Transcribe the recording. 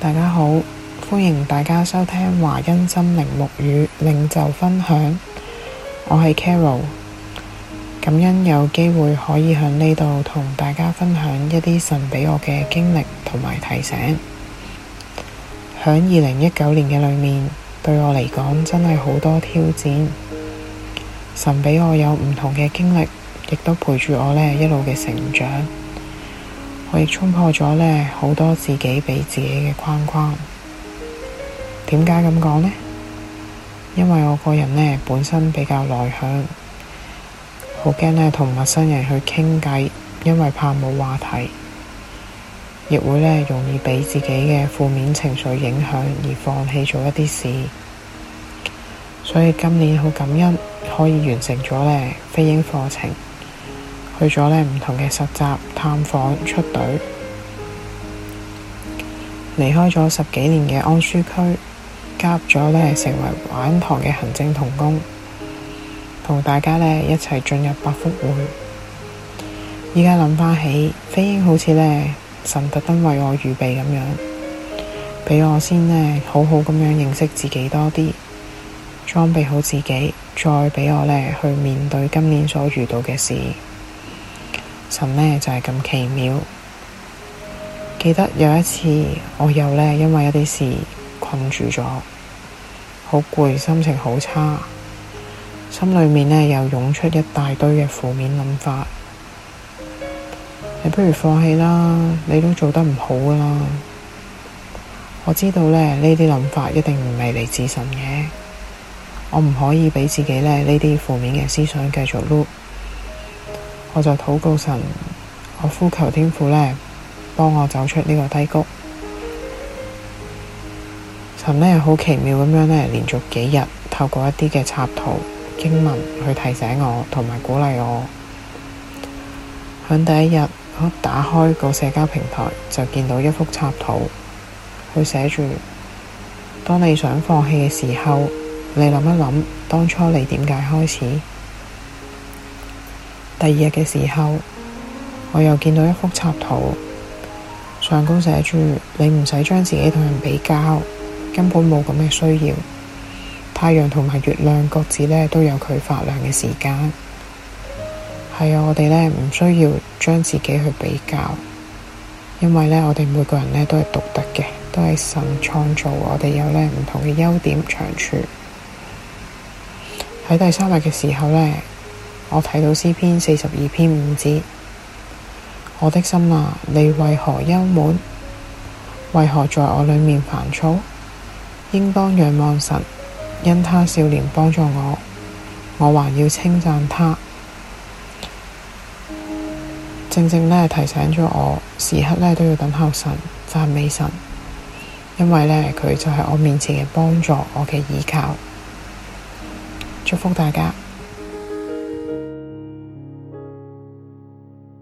大家好，歡迎大家收聽華欣心靈沐語領袖分享。我係 Carol，感恩有機會可以喺呢度同大家分享一啲神畀我嘅經歷同埋提醒。響二零一九年嘅裏面，對我嚟講真係好多挑戰。神畀我有唔同嘅經歷，亦都陪住我呢一路嘅成長。我亦衝破咗呢好多自己畀自己嘅框框，點解咁講呢？因為我個人呢本身比較內向，好驚呢同陌生人去傾偈，因為怕冇話題，亦會呢容易畀自己嘅負面情緒影響而放棄咗一啲事。所以今年好感恩可以完成咗呢飛鷹課程。去咗呢唔同嘅實習探訪出隊，離開咗十幾年嘅安舒區，加入咗呢成為本堂嘅行政同工，同大家呢一齊進入百福會。而家諗返起，飛鷹好似呢神特登為我預備咁樣，畀我先呢好好咁樣認識自己多啲，裝備好自己，再畀我呢去面對今年所遇到嘅事。神呢，就係咁奇妙。記得有一次，我又呢，因為一啲事困住咗，好攰，心情好差，心裏面呢，又湧出一大堆嘅負面諗法。你不如放棄啦，你都做得唔好噶啦。我知道呢啲諗法一定唔係嚟自神嘅，我唔可以畀自己呢啲負面嘅思想繼續碌。我就禱告神，我呼求天父呢，幫我走出呢個低谷。神呢，好奇妙咁樣呢，連續幾日透過一啲嘅插圖、經文去提醒我，同埋鼓勵我。響第一日，我一打開個社交平台就見到一幅插圖，佢寫住：當你想放棄嘅時候，你諗一諗當初你點解開始。第二日嘅時候，我又見到一幅插圖，上高寫住：你唔使將自己同人比較，根本冇咁嘅需要。太陽同埋月亮各自咧都有佢發亮嘅時間。係啊，我哋咧唔需要將自己去比較，因為咧我哋每個人咧都係獨特嘅，都係神創造，我哋有咧唔同嘅優點長處。喺第三日嘅時候咧。我睇到詩篇四十二篇五字：「我的心啊，你為何憂悶？為何在我裏面煩躁？應當仰望神，因他少年幫助我，我還要稱讚他。」正正呢提醒咗我，時刻呢都要等候神，讚美神，因為呢，佢就係我面前嘅幫助，我嘅依靠。祝福大家。